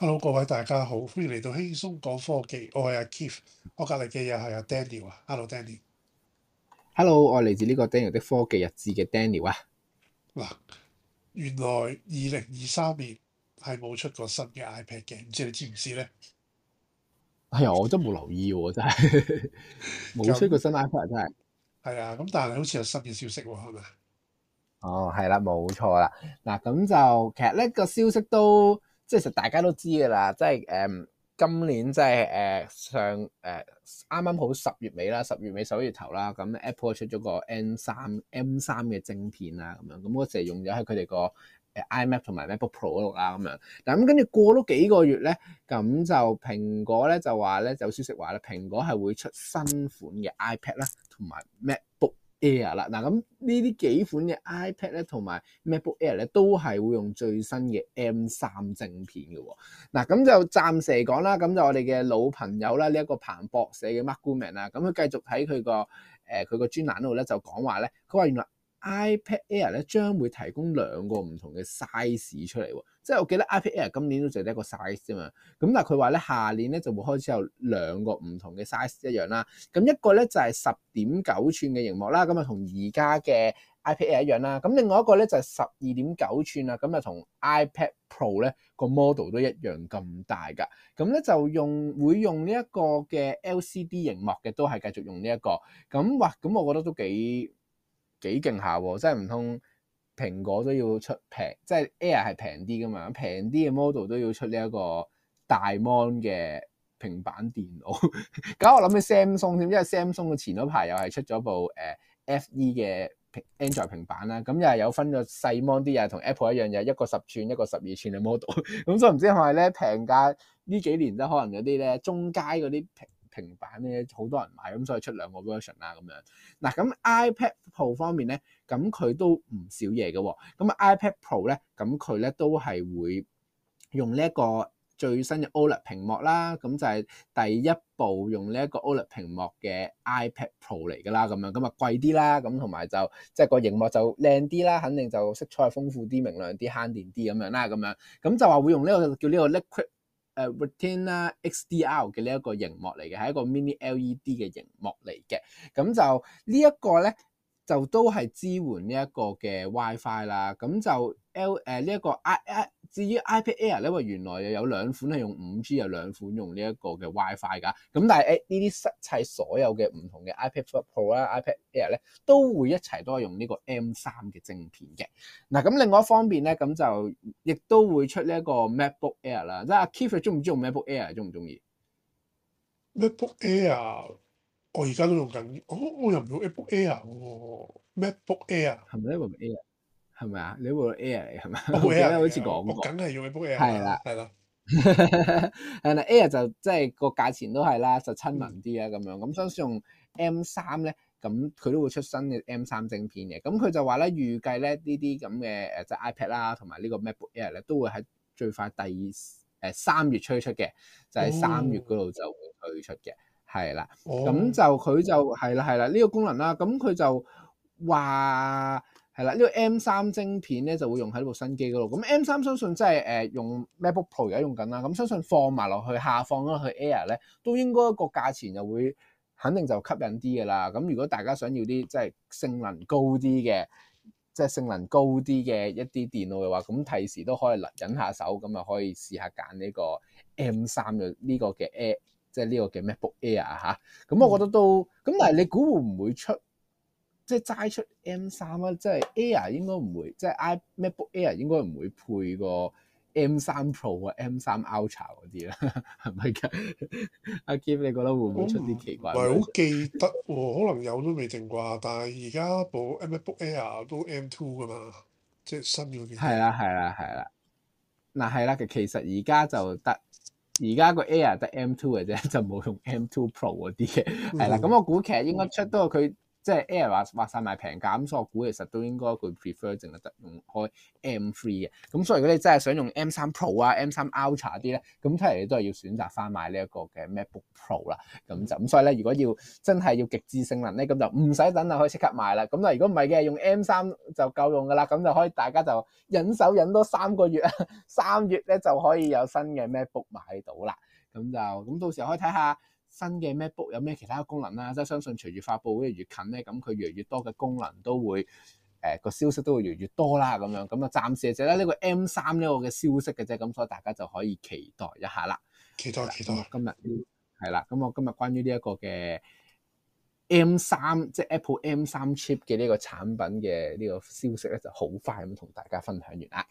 hello，各位大家好，歡迎嚟到輕鬆講科技，我係阿 Keith，我隔籬嘅又係阿 Daniel 啊，hello Daniel，hello，我係嚟自呢個 Daniel 的科技日誌嘅 Daniel 啊，嗱，原來二零二三年係冇出過新嘅 iPad 嘅，唔知你知唔知咧？係啊、哎，我都冇留意喎、啊，真係冇 出過新 iPad，真係。係 啊，咁但係好似有新嘅消息喎、啊，係咪？哦，係啦、啊，冇錯啦，嗱，咁就其實呢、呢個消息都。即係大家都知嘅啦，即係誒、嗯、今年即係誒上誒啱啱好十月尾啦，十月尾十一月頭啦，咁 Apple 出咗個 N 三 M 三嘅晶片啦，咁樣咁我成日用咗喺佢哋個 iMac 同埋 MacBook Pro 度啦，咁樣咁跟住過咗幾個月咧，咁就蘋果咧就呢就話咧就消息話咧蘋果係會出新款嘅 iPad 啦同埋 MacBook Air 啦，嗱咁呢啲幾款嘅 iPad 咧同埋 MacBook Air 咧都係會用最新嘅 M 三晶片嘅喎、哦，嗱咁就暫時嚟講啦，咁就我哋嘅老朋友啦，呢、這、一個彭博社嘅 Mark Gurman 啊，咁佢繼續喺佢個誒佢個專欄度咧就講話咧，佢話原來 iPad Air 咧將會提供兩個唔同嘅 size 出嚟喎。即係我記得 iPad Air 今年都淨係得一個 size 啫嘛，咁但係佢話咧，下年咧就會開始有兩個唔同嘅 size 一樣啦。咁一個咧就係十點九寸嘅熒幕啦，咁啊同而家嘅 iPad Air 一樣啦。咁另外一個咧就係十二點九寸啦，咁啊同 iPad Pro 咧個 model 都一樣咁大㗎。咁、嗯、咧就用會用呢一個嘅 LCD 熒幕嘅都係繼續用呢、這、一個。咁哇，咁我覺得都幾幾勁下喎，真係唔通～蘋果都要出平，即係 Air 係平啲㗎嘛，平啲嘅 model 都要出呢一個大 mon 嘅平板電腦。咁 我諗起 Samsung 添，因為 Samsung 嘅前嗰排又係出咗部誒、呃、FE 嘅 Android 平板啦，咁又係有分咗細 mon 啲，又係同 Apple 一樣，又係一個十吋一個十二吋嘅 model。咁 所以唔知係咪咧平價呢幾年都可能有啲咧中階嗰啲平。平板咧好多人買，咁所以出兩個 version 啦咁樣。嗱咁 iPad Pro 方面咧，咁佢都唔少嘢嘅喎。咁 iPad Pro 咧，咁佢咧都係會用呢一個最新嘅 OLED 屏幕啦。咁就係第一部用呢一個 OLED 屏幕嘅 iPad Pro 嚟噶啦，咁樣咁啊貴啲啦，咁同埋就即係個熒幕就靚啲啦，肯定就色彩豐富啲、明亮啲、慳電啲咁樣啦，咁樣咁就話會用呢個叫呢個 Liquid。誒、uh, Retina XDR 嘅呢一個熒幕嚟嘅，係一個 Mini LED 嘅熒幕嚟嘅，咁就呢一個咧。就都係支援呢一個嘅 WiFi 啦，咁就 L 誒呢一個、啊、iPad Air 咧，因為原來又有兩款係用五 G，有兩款用呢一個嘅 WiFi 噶。咁但係誒呢啲一切所有嘅唔同嘅 iPad Pro 啦、啊、iPad Air 咧，都會一齊都係用呢個 M 三嘅晶片嘅。嗱咁另外一方面咧，咁就亦都會出呢一個 MacBook Air 啦。即係阿 Keith 中唔中意用 MacBook Air？中唔中意？MacBook Air。我而家都用緊、哦，我我又唔用 MacBook Air 喎，MacBook Air 啊，係咪 MacBook Air？係咪啊？MacBook Air 嚟係咪？是是 Apple 我 Air 好似講過。我梗係用 MacBook Air。係啦，係啦。Air 就即係個價錢都係啦，就親民啲啊咁樣。咁相信用 M 三咧，咁佢都會出新嘅 M 三晶片嘅。咁佢就話咧，預計咧呢啲咁嘅誒，即係 iPad 啦，同埋呢個 MacBook Air 咧，都會喺最快第二誒三月推出嘅，就係、是、三月嗰度就會推出嘅。哦。係啦，咁就佢就係啦，係啦，呢個功能啦，咁佢就話係啦，呢個 M 三晶片咧就會用喺呢部新機嗰度。咁 M 三相信真係誒用 MacBook Pro 而家用緊啦，咁相信放埋落去下放咗去 Air 咧，都應該個價錢又會肯定就吸引啲嘅啦。咁如果大家想要啲即係性能高啲嘅，即係性能高啲嘅一啲電腦嘅話，咁提時都可以嚟忍下手，咁啊可以試下揀呢個 M 三嘅呢個嘅 Air。即係呢個叫 MacBook Air 啊，咁我覺得都咁，但係你估會唔會出即係齋出 M 三啊？即係 Air 應該唔會，即係 MacBook Air 應該唔會配個 M 三 Pro M 啊、M 三 Ultra 嗰啲啦，係 咪、啊、㗎？阿 Kip 你覺得會唔會出啲奇怪？唔係好記得喎、哦，可能有都未定啩。但係而家部 MacBook Air 都 M2 噶嘛，即係新咗幾係啦係啦係啦，嗱係啦，其實而家就得。而家個 Air 得 M2 嘅啫，就冇用 M2 Pro 嗰啲嘅，係 啦。咁我估其實應該出到，不過佢。即係 Air 話話曬賣平價，咁所以我估其實都應該佢 prefer 淨係得用開 M3 嘅。咁所以如果你真係想用 M 三 Pro 啊、M 三 Ultra 啲咧，咁出嚟你都係要選擇翻買呢一個嘅 MacBook Pro 啦。咁就咁所以咧，如果要真係要極致性能咧，咁就唔使等就可以即刻買啦。咁啊，如果唔係嘅，用 M 三就夠用噶啦，咁就可以大家就忍手忍多三個月啊，三 月咧就可以有新嘅 MacBook 買到啦。咁就咁到時候可以睇下。新嘅 MacBook 有咩其他功能啦？即係相信隨住發佈會越，越近咧，咁佢越嚟越多嘅功能都會，誒、呃、個消息都會越嚟越多啦咁樣。咁啊，暫時就咧呢個 M 三呢個嘅消息嘅啫，咁所以大家就可以期待一下啦。期待，期待。嗯、今日，係、嗯、啦。咁、嗯、我今日關於呢一個嘅 M 三，即係 Apple M 三 Chip 嘅呢個產品嘅呢個消息咧，就好快咁同大家分享完啦。